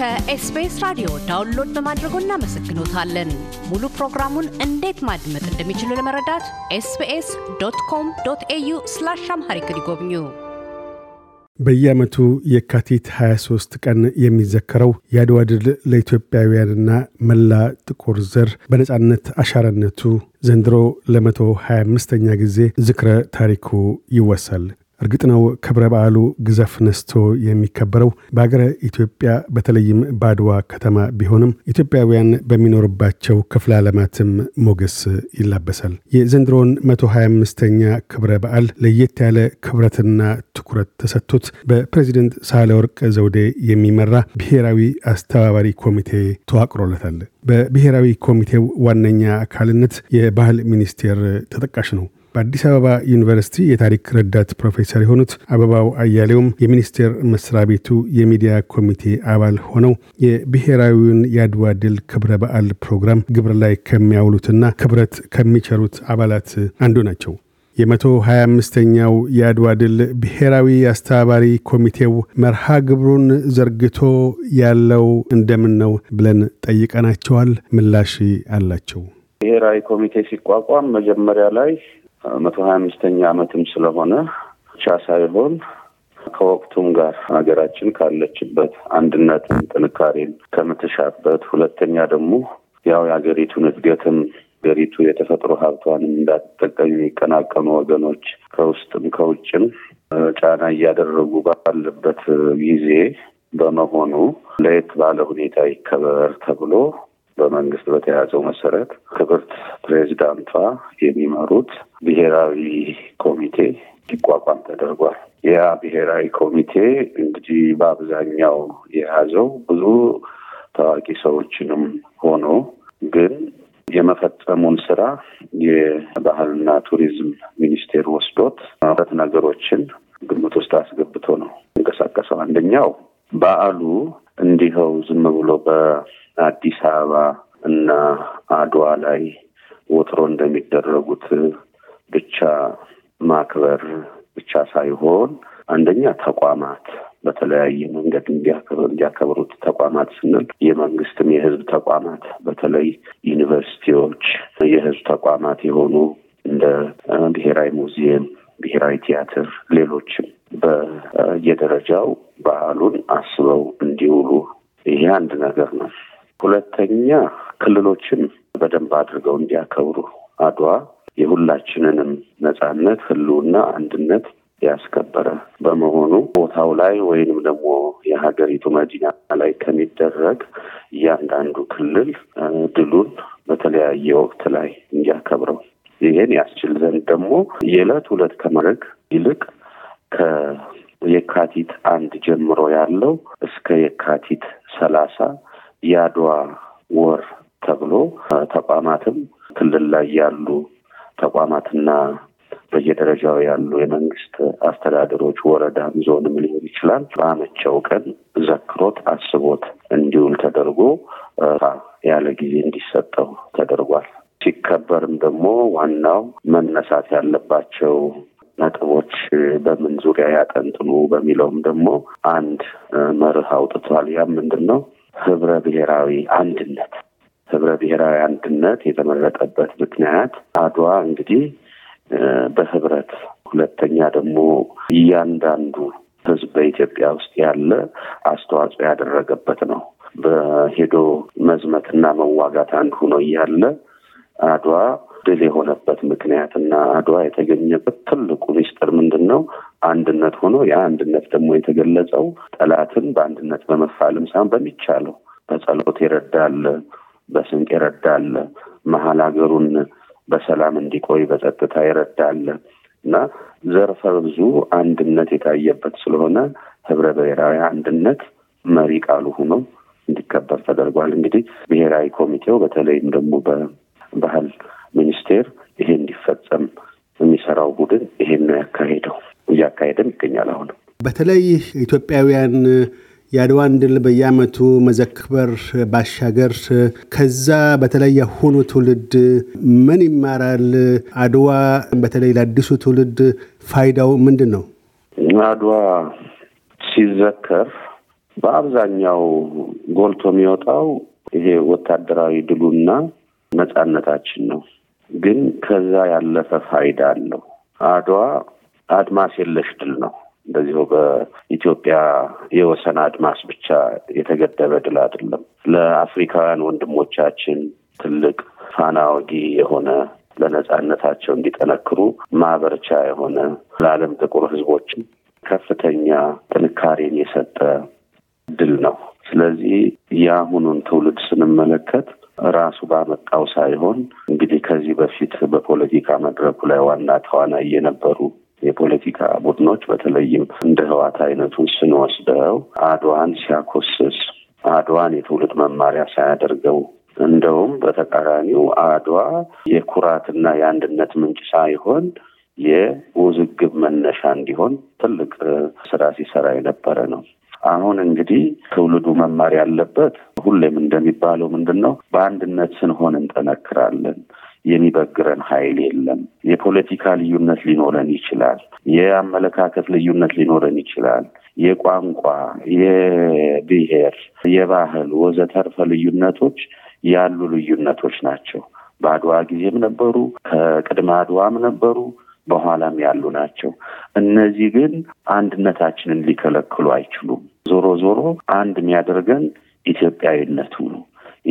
ከኤስቢኤስ ራዲዮ ዳውንሎድ በማድረጎ እናመሰግኖታለን። ሙሉ ፕሮግራሙን እንዴት ማድመጥ እንደሚችሉ ለመረዳት ኤስቢኤስ ዶት ኮም ዶት ኤዩ ስላሽ አምሃሪክ ይጎብኙ። በየዓመቱ የካቲት 23 ቀን የሚዘከረው የአድዋ ድል ለኢትዮጵያውያንና መላ ጥቁር ዘር በነፃነት አሻራነቱ ዘንድሮ ለመቶ 25ኛ ጊዜ ዝክረ ታሪኩ ይወሳል። እርግጥ ነው ክብረ በዓሉ ግዘፍ ነስቶ የሚከበረው በሀገረ ኢትዮጵያ በተለይም በአድዋ ከተማ ቢሆንም ኢትዮጵያውያን በሚኖርባቸው ክፍለ ዓለማትም ሞገስ ይላበሳል። የዘንድሮውን 125ኛ ክብረ በዓል ለየት ያለ ክብረትና ትኩረት ተሰጥቶት በፕሬዚደንት ሳህለወርቅ ዘውዴ የሚመራ ብሔራዊ አስተባባሪ ኮሚቴ ተዋቅሮለታል። በብሔራዊ ኮሚቴው ዋነኛ አካልነት የባህል ሚኒስቴር ተጠቃሽ ነው። በአዲስ አበባ ዩኒቨርሲቲ የታሪክ ረዳት ፕሮፌሰር የሆኑት አበባው አያሌውም የሚኒስቴር መስሪያ ቤቱ የሚዲያ ኮሚቴ አባል ሆነው የብሔራዊውን የአድዋ ድል ክብረ በዓል ፕሮግራም ግብር ላይ ከሚያውሉትና ክብረት ከሚቸሩት አባላት አንዱ ናቸው። የመቶ 25ኛው የአድዋ ድል ብሔራዊ አስተባባሪ ኮሚቴው መርሃ ግብሩን ዘርግቶ ያለው እንደምን ነው ብለን ጠይቀናቸዋል። ምላሽ አላቸው። ብሔራዊ ኮሚቴ ሲቋቋም መጀመሪያ ላይ መቶ ሀያ አምስተኛ አመትም ስለሆነ ብቻ ሳይሆን ከወቅቱም ጋር ሀገራችን ካለችበት አንድነትን፣ ጥንካሬን ከምትሻበት ሁለተኛ ደግሞ ያው የሀገሪቱን እድገትም ሀገሪቱ የተፈጥሮ ሀብቷን እንዳትጠቀም የሚቀናቀኑ ወገኖች ከውስጥም ከውጭም ጫና እያደረጉ ባለበት ጊዜ በመሆኑ ለየት ባለ ሁኔታ ይከበር ተብሎ በመንግስት በተያዘው መሰረት ክብርት ፕሬዚዳንቷ የሚመሩት ብሔራዊ ኮሚቴ ሊቋቋም ተደርጓል። ያ ብሔራዊ ኮሚቴ እንግዲህ በአብዛኛው የያዘው ብዙ ታዋቂ ሰዎችንም ሆኖ ግን የመፈጸሙን ስራ የባህልና ቱሪዝም ሚኒስቴር ወስዶት ሁለት ነገሮችን ግምት ውስጥ አስገብቶ ነው እንቀሳቀሰው። አንደኛው በዓሉ እንዲኸው ዝም ብሎ በ አዲስ አበባ እና አድዋ ላይ ወትሮ እንደሚደረጉት ብቻ ማክበር ብቻ ሳይሆን አንደኛ ተቋማት በተለያየ መንገድ እንዲያከብሩት ተቋማት ስንል የመንግስትም የህዝብ ተቋማት በተለይ ዩኒቨርሲቲዎች የህዝብ ተቋማት የሆኑ እንደ ብሔራዊ ሙዚየም፣ ብሔራዊ ቲያትር፣ ሌሎችም በየደረጃው ባህሉን አስበው እንዲውሉ ይሄ አንድ ነገር ነው። ሁለተኛ ክልሎችን በደንብ አድርገው እንዲያከብሩ አድዋ የሁላችንንም ነጻነት፣ ህልውና፣ አንድነት ያስከበረ በመሆኑ ቦታው ላይ ወይንም ደግሞ የሀገሪቱ መዲና ላይ ከሚደረግ እያንዳንዱ ክልል ድሉን በተለያየ ወቅት ላይ እንዲያከብረው ይህን ያስችል ዘንድ ደግሞ የዕለት ሁለት ከማድረግ ይልቅ ከየካቲት አንድ ጀምሮ ያለው እስከ የካቲት ሰላሳ የአድዋ ወር ተብሎ ተቋማትም ክልል ላይ ያሉ ተቋማትና በየደረጃው ያሉ የመንግስት አስተዳደሮች ወረዳም ዞንም ሊሆን ይችላል በአመቸው ቀን ዘክሮት አስቦት እንዲውል ተደርጎ ያለ ጊዜ እንዲሰጠው ተደርጓል። ሲከበርም ደግሞ ዋናው መነሳት ያለባቸው ነጥቦች በምን ዙሪያ ያጠንጥኑ በሚለውም ደግሞ አንድ መርህ አውጥቷል። ያ ምንድን ነው? ህብረ ብሔራዊ አንድነት ህብረ ብሔራዊ አንድነት የተመረጠበት ምክንያት አድዋ እንግዲህ በህብረት ሁለተኛ ደግሞ እያንዳንዱ ህዝብ በኢትዮጵያ ውስጥ ያለ አስተዋጽኦ ያደረገበት ነው። በሄዶ መዝመትና መዋጋት አንድ ሆኖ እያለ አድዋ ድል የሆነበት ምክንያት እና አድዋ የተገኘበት ትልቁ ሚስጥር ምንድን ነው? አንድነት ሆኖ ያ አንድነት ደግሞ የተገለጸው ጠላትን በአንድነት በመፋለም ሳይሆን በሚቻለው በጸሎት ይረዳል፣ በስንቅ ይረዳል፣ መሀል ሀገሩን በሰላም እንዲቆይ በጸጥታ ይረዳል እና ዘርፈ ብዙ አንድነት የታየበት ስለሆነ ህብረ ብሔራዊ አንድነት መሪ ቃሉ ሆኖ እንዲከበር ተደርጓል። እንግዲህ ብሔራዊ ኮሚቴው በተለይም ደግሞ በባህል ሚኒስቴር ይሄ እንዲፈጸም የሚሰራው ቡድን ይሄን ነው ያካሄደው። እያካሄደም ይገኛል። አሁን በተለይ ኢትዮጵያውያን የአድዋን ድል በየዓመቱ መዘክበር ባሻገር ከዛ በተለይ የአሁኑ ትውልድ ምን ይማራል? አድዋ በተለይ ለአዲሱ ትውልድ ፋይዳው ምንድን ነው? አድዋ ሲዘከር በአብዛኛው ጎልቶ የሚወጣው ይሄ ወታደራዊ ድሉና ነጻነታችን ነው። ግን ከዛ ያለፈ ፋይዳ አለው አድዋ አድማስ የለሽ ድል ነው። እንደዚሁ በኢትዮጵያ የወሰን አድማስ ብቻ የተገደበ ድል አይደለም። ለአፍሪካውያን ወንድሞቻችን ትልቅ ፋና ወጊ የሆነ ለነጻነታቸው እንዲጠነክሩ ማበርቻ የሆነ ለዓለም ጥቁር ህዝቦችን ከፍተኛ ጥንካሬን የሰጠ ድል ነው። ስለዚህ የአሁኑን ትውልድ ስንመለከት ራሱ ባመጣው ሳይሆን እንግዲህ ከዚህ በፊት በፖለቲካ መድረኩ ላይ ዋና ተዋናይ የነበሩ የፖለቲካ ቡድኖች በተለይም እንደ ህዋት አይነቱን ስንወስደው አድዋን ሲያኮስስ አድዋን የትውልድ መማሪያ ሳያደርገው እንደውም በተቃራኒው አድዋ የኩራትና የአንድነት ምንጭ ሳይሆን የውዝግብ መነሻ እንዲሆን ትልቅ ስራ ሲሰራ የነበረ ነው። አሁን እንግዲህ ትውልዱ መማር ያለበት ሁሌም እንደሚባለው ምንድን ነው፣ በአንድነት ስንሆን እንጠነክራለን፣ የሚበግረን ኃይል የለም። የፖለቲካ ልዩነት ሊኖረን ይችላል። የአመለካከት ልዩነት ሊኖረን ይችላል። የቋንቋ፣ የብሔር፣ የባህል ወዘተርፈ ልዩነቶች ያሉ ልዩነቶች ናቸው። በአድዋ ጊዜም ነበሩ፣ ከቅድመ አድዋም ነበሩ፣ በኋላም ያሉ ናቸው። እነዚህ ግን አንድነታችንን ሊከለክሉ አይችሉም። ዞሮ ዞሮ አንድ የሚያደርገን ኢትዮጵያዊነቱ ነው።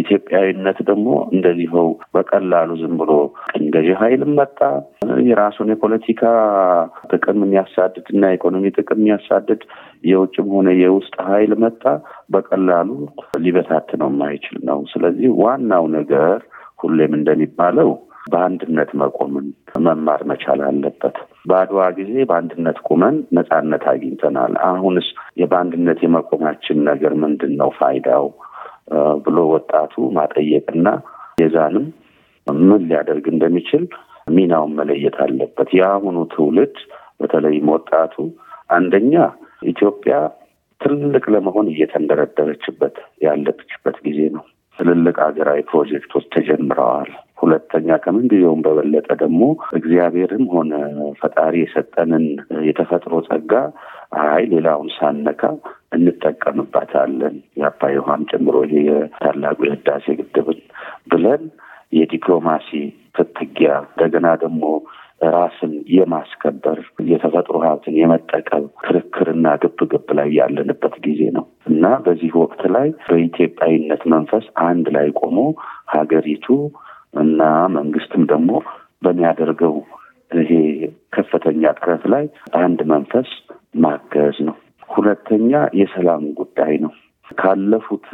ኢትዮጵያዊነት ደግሞ እንደዚኸው በቀላሉ ዝም ብሎ ቅኝ ገዢ ኃይልም መጣ። የራሱን የፖለቲካ ጥቅም የሚያሳድድ እና የኢኮኖሚ ጥቅም የሚያሳድድ የውጭም ሆነ የውስጥ ኃይል መጣ። በቀላሉ ሊበታትነው የማይችል ነው። ስለዚህ ዋናው ነገር ሁሌም እንደሚባለው በአንድነት መቆምን መማር መቻል አለበት። በአድዋ ጊዜ በአንድነት ቁመን ነፃነት አግኝተናል። አሁንስ የበአንድነት የመቆማችን ነገር ምንድን ነው ፋይዳው? ብሎ ወጣቱ ማጠየቅና የዛንም ምን ሊያደርግ እንደሚችል ሚናውን መለየት አለበት። የአሁኑ ትውልድ በተለይም ወጣቱ አንደኛ ኢትዮጵያ ትልቅ ለመሆን እየተንደረደረችበት ያለችበት ጊዜ ነው። ትልልቅ ሀገራዊ ፕሮጀክቶች ተጀምረዋል። ሁለተኛ ከምንጊዜውም በበለጠ ደግሞ እግዚአብሔርም ሆነ ፈጣሪ የሰጠንን የተፈጥሮ ጸጋ አይ ሌላውን ሳነካ እንጠቀምባታለን የአባይ ውሃን ጨምሮ ይሄ የታላቁ የህዳሴ ግድብን ብለን የዲፕሎማሲ ፍትጊያ እንደገና ደግሞ ራስን የማስከበር የተፈጥሮ ሀብትን የመጠቀም ክርክርና ግብ ግብ ላይ ያለንበት ጊዜ ነው እና በዚህ ወቅት ላይ በኢትዮጵያዊነት መንፈስ አንድ ላይ ቆሞ ሀገሪቱ እና መንግስትም ደግሞ በሚያደርገው ይሄ ከፍተኛ ጥረት ላይ በአንድ መንፈስ ማገዝ ነው። ሁለተኛ የሰላም ጉዳይ ነው። ካለፉት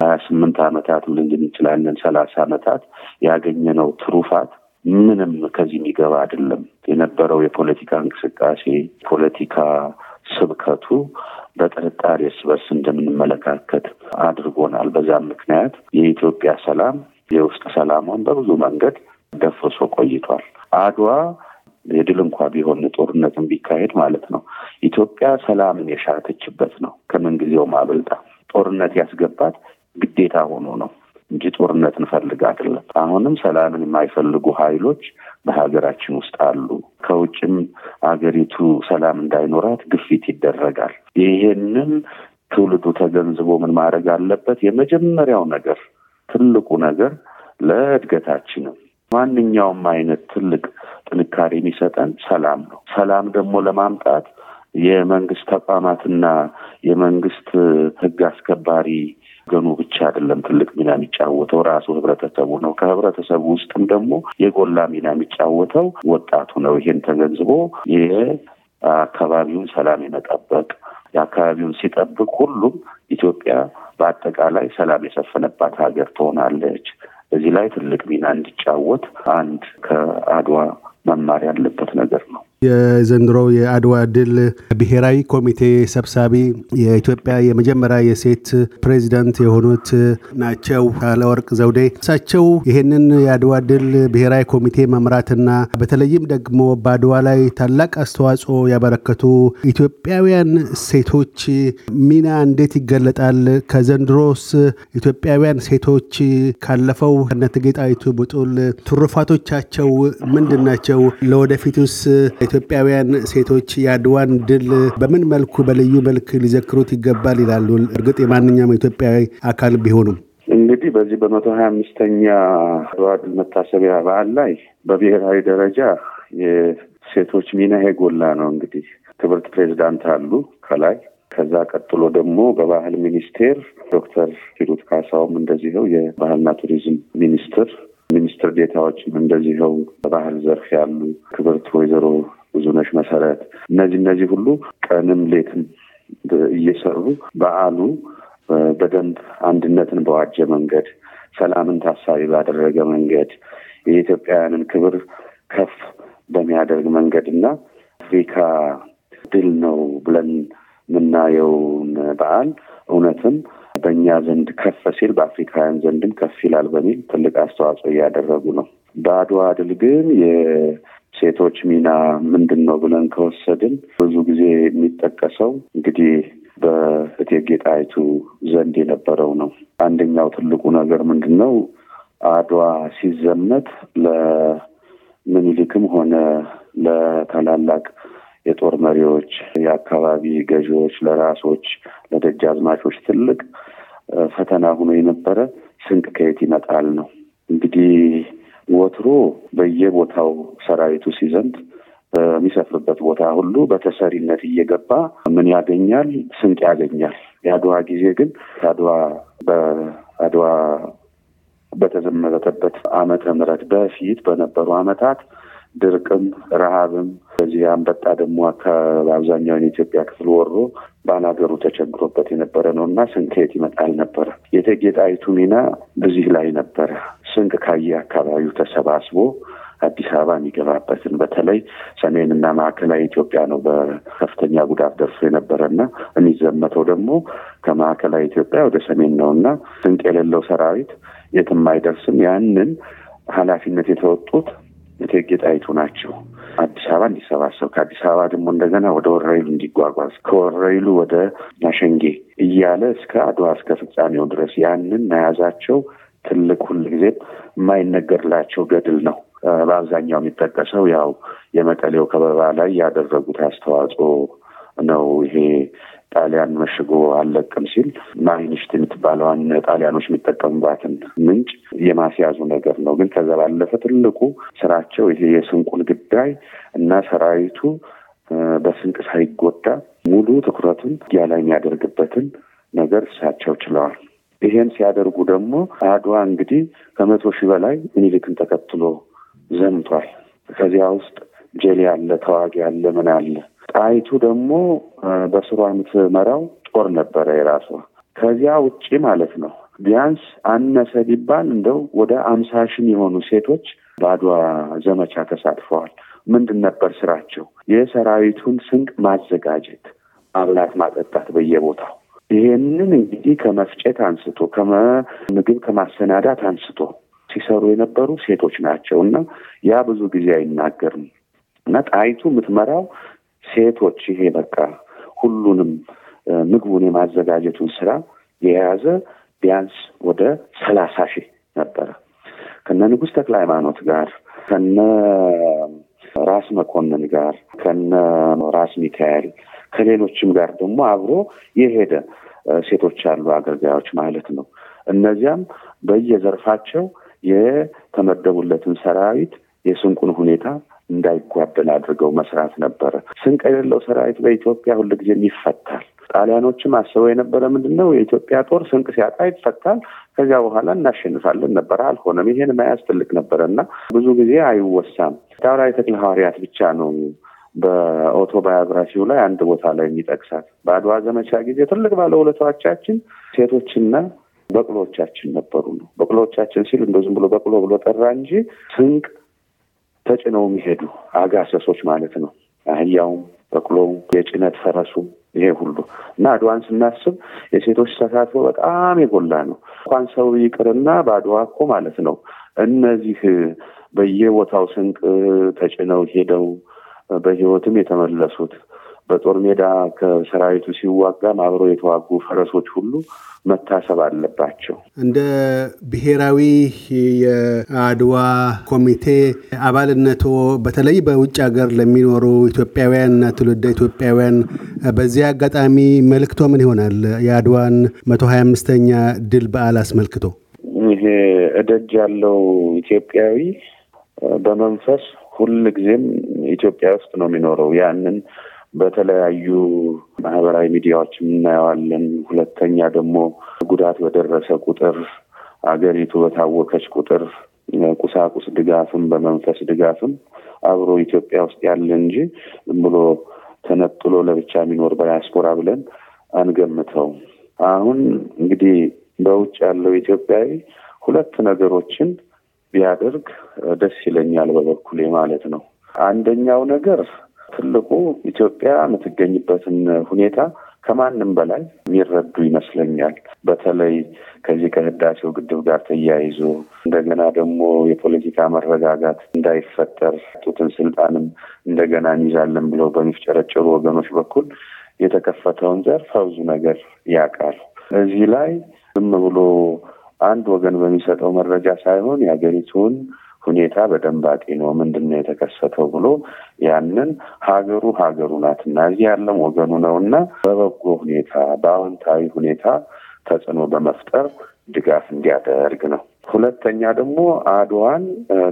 ሀያ ስምንት ዓመታት ምን እንችላለን ሰላሳ ዓመታት ያገኘነው ትሩፋት ምንም ከዚህ የሚገባ አይደለም። የነበረው የፖለቲካ እንቅስቃሴ ፖለቲካ ስብከቱ በጥርጣሬ እርስ በርስ እንደምንመለካከት አድርጎናል። በዛም ምክንያት የኢትዮጵያ ሰላም የውስጥ ሰላሟን በብዙ መንገድ ደፍርሶ ቆይቷል። አድዋ የድል እንኳ ቢሆን ጦርነትን ቢካሄድ ማለት ነው ኢትዮጵያ ሰላምን የሻተችበት ነው። ከምንጊዜውም አብልጣ ጦርነት ያስገባት ግዴታ ሆኖ ነው እንጂ ጦርነት እንፈልግ አይደለም። አሁንም ሰላምን የማይፈልጉ ኃይሎች በሀገራችን ውስጥ አሉ። ከውጭም አገሪቱ ሰላም እንዳይኖራት ግፊት ይደረጋል። ይህንን ትውልዱ ተገንዝቦ ምን ማድረግ አለበት? የመጀመሪያው ነገር ትልቁ ነገር ለእድገታችንም ማንኛውም አይነት ትልቅ ጥንካሬ የሚሰጠን ሰላም ነው። ሰላም ደግሞ ለማምጣት የመንግስት ተቋማትና የመንግስት ህግ አስከባሪ ገኑ ብቻ አይደለም ትልቅ ሚና የሚጫወተው ራሱ ህብረተሰቡ ነው። ከህብረተሰቡ ውስጥም ደግሞ የጎላ ሚና የሚጫወተው ወጣቱ ነው። ይሄን ተገንዝቦ የአካባቢውን ሰላም የመጠበቅ የአካባቢውን ሲጠብቅ ሁሉም ኢትዮጵያ በአጠቃላይ ሰላም የሰፈነባት ሀገር ትሆናለች። እዚህ ላይ ትልቅ ሚና እንዲጫወት አንድ ከአድዋ መማር ያለበት ነገር ነው። የዘንድሮ የአድዋ ድል ብሔራዊ ኮሚቴ ሰብሳቢ የኢትዮጵያ የመጀመሪያ የሴት ፕሬዚዳንት የሆኑት ናቸው ሳህለወርቅ ዘውዴ። እሳቸው ይህንን የአድዋ ድል ብሔራዊ ኮሚቴ መምራትና በተለይም ደግሞ በአድዋ ላይ ታላቅ አስተዋጽኦ ያበረከቱ ኢትዮጵያውያን ሴቶች ሚና እንዴት ይገለጣል? ከዘንድሮስ ኢትዮጵያውያን ሴቶች ካለፈው ከነእቴጌ ጣይቱ ብጡል ትሩፋቶቻቸው ምንድን ናቸው? ለወደፊቱስ ኢትዮጵያውያን ሴቶች የአድዋን ድል በምን መልኩ በልዩ መልክ ሊዘክሩት ይገባል ይላሉ? እርግጥ የማንኛውም ኢትዮጵያዊ አካል ቢሆኑም እንግዲህ በዚህ በመቶ ሀያ አምስተኛ አድዋ ድል መታሰቢያ በዓል ላይ በብሔራዊ ደረጃ የሴቶች ሚና የጎላ ነው። እንግዲህ ክብርት ፕሬዚዳንት አሉ ከላይ ከዛ ቀጥሎ ደግሞ በባህል ሚኒስቴር ዶክተር ሂሩት ካሳውም እንደዚህው የባህልና ቱሪዝም ሚኒስትር ሚኒስትር ዴታዎችም እንደዚህው በባህል ዘርፍ ያሉ ክብርት ወይዘሮ ብዙነሽ መሰረት፣ እነዚህ እነዚህ ሁሉ ቀንም ሌትም እየሰሩ በዓሉ በደንብ አንድነትን በዋጀ መንገድ፣ ሰላምን ታሳቢ ባደረገ መንገድ፣ የኢትዮጵያውያንን ክብር ከፍ በሚያደርግ መንገድ እና አፍሪካ ድል ነው ብለን የምናየውን በዓል እውነትም በእኛ ዘንድ ከፍ ሲል በአፍሪካውያን ዘንድም ከፍ ይላል በሚል ትልቅ አስተዋጽኦ እያደረጉ ነው። በአድዋ ድል ግን ሴቶች ሚና ምንድን ነው ብለን ከወሰድን ብዙ ጊዜ የሚጠቀሰው እንግዲህ በእቴጌ ጣይቱ ዘንድ የነበረው ነው። አንደኛው ትልቁ ነገር ምንድን ነው? አድዋ ሲዘመት ለምኒልክም ሆነ ለታላላቅ የጦር መሪዎች፣ የአካባቢ ገዢዎች፣ ለራሶች፣ ለደጃዝማቾች ትልቅ ፈተና ሆኖ የነበረ ስንቅ ከየት ይመጣል ነው እንግዲህ ወትሮ በየቦታው ሰራዊቱ ሲዘምት በሚሰፍርበት ቦታ ሁሉ በተሰሪነት እየገባ ምን ያገኛል? ስንቅ ያገኛል። የአድዋ ጊዜ ግን አድዋ በአድዋ በተዘመተበት ዓመተ ምህረት በፊት በነበሩ ዓመታት ድርቅም ረሃብም በዚህ አንበጣ ደግሞ ከአብዛኛውን የኢትዮጵያ ክፍል ወሮ ባላገሩ ተቸግሮበት የነበረ ነው እና ስንቅ ይመጣል ነበረ። የእቴጌ ጣይቱ ሚና በዚህ ላይ ነበረ። ስንቅ አካባቢው ተሰባስቦ አዲስ አበባ የሚገባበትን በተለይ ሰሜንና ማዕከላዊ ኢትዮጵያ ነው በከፍተኛ ጉዳት ደርሶ የነበረና የሚዘመተው ደግሞ ከማዕከላዊ ኢትዮጵያ ወደ ሰሜን ነው እና ስንቅ የሌለው ሰራዊት የትም አይደርስም። ያንን ኃላፊነት የተወጡት እቴጌ ጣይቱ ናቸው። አዲስ አበባ እንዲሰባሰብ ከአዲስ አበባ ደግሞ እንደገና ወደ ወረይሉ እንዲጓጓዝ ከወረይሉ ወደ ናሸንጌ እያለ እስከ አድዋ እስከ ፍጻሜው ድረስ ያንን መያዛቸው ትልቅ ሁልጊዜ የማይነገርላቸው ገድል ነው። በአብዛኛው የሚጠቀሰው ያው የመቀሌው ከበባ ላይ ያደረጉት አስተዋጽኦ ነው። ይሄ ጣሊያን መሽጎ አልለቅም ሲል ማይንሽት የምትባለዋን ጣሊያኖች የሚጠቀሙባትን ምንጭ የማስያዙ ነገር ነው። ግን ከዛ ባለፈ ትልቁ ስራቸው ይሄ የስንቁን ጉዳይ እና ሰራዊቱ በስንቅ ሳይጎዳ ሙሉ ትኩረቱን ያላ የሚያደርግበትን ነገር እሳቸው ችለዋል። ይሄን ሲያደርጉ ደግሞ አድዋ እንግዲህ ከመቶ ሺህ በላይ ምኒልክን ተከትሎ ዘምቷል። ከዚያ ውስጥ ጀሌ አለ፣ ተዋጊ አለ፣ ምን አለ። ጣይቱ ደግሞ በስሯ የምትመራው ጦር ነበረ የራሷ። ከዚያ ውጪ ማለት ነው ቢያንስ አነሰ ቢባል እንደው ወደ አምሳ ሺህ የሆኑ ሴቶች በአድዋ ዘመቻ ተሳትፈዋል። ምንድን ነበር ስራቸው? የሰራዊቱን ስንቅ ማዘጋጀት፣ ማብላት፣ ማጠጣት በየቦታው ይሄንን እንግዲህ ከመፍጨት አንስቶ ከምግብ ከማሰናዳት አንስቶ ሲሰሩ የነበሩ ሴቶች ናቸው እና ያ ብዙ ጊዜ አይናገርም እና ጣይቱ የምትመራው ሴቶች ይሄ በቃ ሁሉንም ምግቡን የማዘጋጀቱን ስራ የያዘ ቢያንስ ወደ ሰላሳ ሺህ ነበረ ከነ ንጉሥ ተክለ ሃይማኖት ጋር ከነ ራስ መኮንን ጋር ከነ ራስ ሚካኤል ከሌሎችም ጋር ደግሞ አብሮ የሄደ ሴቶች ያሉ አገልጋዮች ማለት ነው። እነዚያም በየዘርፋቸው የተመደቡለትን ሰራዊት የስንቁን ሁኔታ እንዳይጓደል አድርገው መስራት ነበረ። ስንቅ የሌለው ሰራዊት በኢትዮጵያ ሁልጊዜም ይፈታል። ጣሊያኖችም አስበው የነበረ ምንድን ነው የኢትዮጵያ ጦር ስንቅ ሲያጣ ይፈታል፣ ከዚያ በኋላ እናሸንፋለን ነበረ። አልሆነም። ይሄን መያዝ ትልቅ ነበረ እና ብዙ ጊዜ አይወሳም። ታውራ የተክለ ሐዋርያት ብቻ ነው በኦቶባዮግራፊው ላይ አንድ ቦታ ላይ የሚጠቅሳት በአድዋ ዘመቻ ጊዜ ትልቅ ባለውለታዎቻችን ሴቶችና በቅሎቻችን ነበሩ ነው። በቅሎቻችን ሲል እንደ ዝም ብሎ በቅሎ ብሎ ጠራ እንጂ ስንቅ ተጭነው የሚሄዱ አጋሰሶች ማለት ነው። አህያውም፣ በቅሎውም፣ የጭነት ፈረሱ ይሄ ሁሉ እና አድዋን ስናስብ የሴቶች ተሳትፎ በጣም የጎላ ነው። እንኳን ሰው ይቅርና በአድዋ እኮ ማለት ነው እነዚህ በየቦታው ስንቅ ተጭነው ሄደው በህይወትም የተመለሱት በጦር ሜዳ ከሰራዊቱ ሲዋጋም አብረው የተዋጉ ፈረሶች ሁሉ መታሰብ አለባቸው። እንደ ብሔራዊ የአድዋ ኮሚቴ አባልነቶ በተለይ በውጭ ሀገር ለሚኖሩ ኢትዮጵያውያንና ትውልደ ኢትዮጵያውያን በዚህ አጋጣሚ መልክቶ ምን ይሆናል? የአድዋን መቶ ሀያ አምስተኛ ድል በዓል አስመልክቶ ይሄ እደጅ ያለው ኢትዮጵያዊ በመንፈስ ሁል ጊዜም ኢትዮጵያ ውስጥ ነው የሚኖረው። ያንን በተለያዩ ማህበራዊ ሚዲያዎች እናየዋለን። ሁለተኛ ደግሞ ጉዳት በደረሰ ቁጥር አገሪቱ በታወከች ቁጥር ቁሳቁስ ድጋፍም በመንፈስ ድጋፍም አብሮ ኢትዮጵያ ውስጥ ያለ እንጂ ዝም ብሎ ተነጥሎ ለብቻ የሚኖር በዲያስፖራ ብለን አንገምተው። አሁን እንግዲህ በውጭ ያለው ኢትዮጵያዊ ሁለት ነገሮችን ቢያደርግ ደስ ይለኛል በበኩሌ ማለት ነው። አንደኛው ነገር ትልቁ ኢትዮጵያ የምትገኝበትን ሁኔታ ከማንም በላይ የሚረዱ ይመስለኛል። በተለይ ከዚህ ከህዳሴው ግድብ ጋር ተያይዞ እንደገና ደግሞ የፖለቲካ መረጋጋት እንዳይፈጠር ጡትን ስልጣንም እንደገና እንይዛለን ብለው በሚፍጨረጨሩ ወገኖች በኩል የተከፈተውን ዘርፍ ፈውዙ ነገር ያውቃል። እዚህ ላይ ዝም ብሎ አንድ ወገን በሚሰጠው መረጃ ሳይሆን የሀገሪቱን ሁኔታ በደንብ አጤኖ ምንድን ነው የተከሰተው ብሎ ያንን ሀገሩ ሀገሩ ናት እና እዚህ ያለም ወገኑ ነው እና በበጎ ሁኔታ በአዎንታዊ ሁኔታ ተጽዕኖ በመፍጠር ድጋፍ እንዲያደርግ ነው። ሁለተኛ ደግሞ አድዋን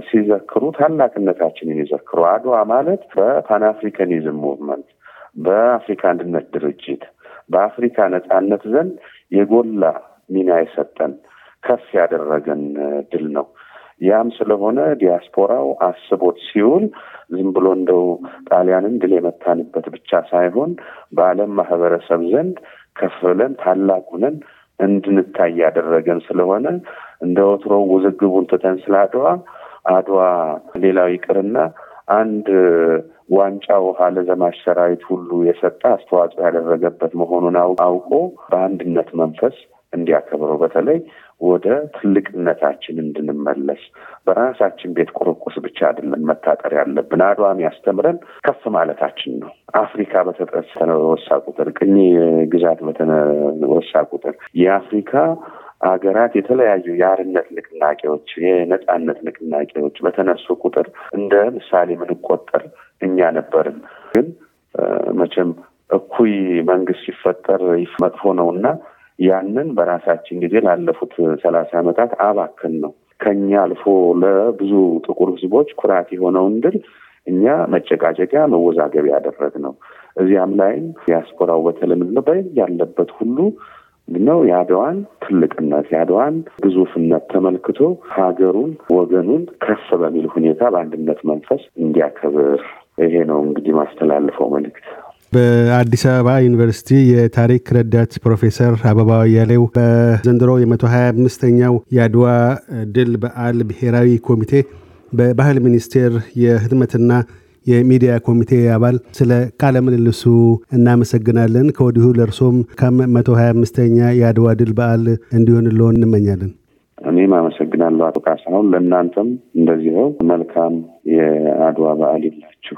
ሲዘክሩ ታላቅነታችንን ይዘክሩ። አድዋ ማለት በፓን አፍሪካኒዝም ሙቭመንት፣ በአፍሪካ አንድነት ድርጅት፣ በአፍሪካ ነጻነት ዘንድ የጎላ ሚና የሰጠን ከፍ ያደረገን ድል ነው። ያም ስለሆነ ዲያስፖራው አስቦት ሲውል ዝም ብሎ እንደው ጣሊያንን ድል የመታንበት ብቻ ሳይሆን በዓለም ማህበረሰብ ዘንድ ከፍ ብለን ታላቅ ሁነን እንድንታይ ያደረገን ስለሆነ እንደ ወትሮ ውዝግቡን ትተን ስለ አድዋ አድዋ ሌላው ይቅርና አንድ ዋንጫ ውሃ ለዘማች ሰራዊት ሁሉ የሰጠ አስተዋጽኦ ያደረገበት መሆኑን አውቆ በአንድነት መንፈስ እንዲያከብረው በተለይ ወደ ትልቅነታችን እንድንመለስ በራሳችን ቤት ቁርቁስ ብቻ አይደለም መታጠር ያለብን። አድዋ ያስተምረን ከፍ ማለታችን ነው። አፍሪካ በተወሳ ቁጥር፣ ቅኝ ግዛት በተወሳ ቁጥር የአፍሪካ ሀገራት የተለያዩ የአርነት ንቅናቄዎች፣ የነጻነት ንቅናቄዎች በተነሱ ቁጥር እንደ ምሳሌ የምንቆጠር እኛ ነበርን። ግን መቼም እኩይ መንግስት ሲፈጠር መጥፎ ነው እና ያንን በራሳችን ጊዜ ላለፉት ሰላሳ ዓመታት አባክን ነው ከኛ አልፎ ለብዙ ጥቁር ህዝቦች ኩራት የሆነውን ድል እኛ መጨቃጨቂያ መወዛገብ ያደረግ ነው። እዚያም ላይም ዲያስፖራው በተለምዶ ያለበት ሁሉ ነው የአድዋን ትልቅነት የአድዋን ግዙፍነት ተመልክቶ ሀገሩን ወገኑን ከፍ በሚል ሁኔታ በአንድነት መንፈስ እንዲያከብር ይሄ ነው እንግዲህ ማስተላልፈው መልእክት። በአዲስ አበባ ዩኒቨርሲቲ የታሪክ ረዳት ፕሮፌሰር አበባ ያሌው በዘንድሮ የ125ኛው የአድዋ ድል በዓል ብሔራዊ ኮሚቴ በባህል ሚኒስቴር የህትመትና የሚዲያ ኮሚቴ አባል ስለ ቃለ ምልልሱ እናመሰግናለን። ከወዲሁ ለእርሶም ከም 125ኛ የአድዋ ድል በዓል እንዲሆንልዎ እንመኛለን። እኔም አመሰግናለሁ አቶ ካሳሁን፣ ለእናንተም እንደዚህው መልካም የአድዋ በዓል ይላችሁ።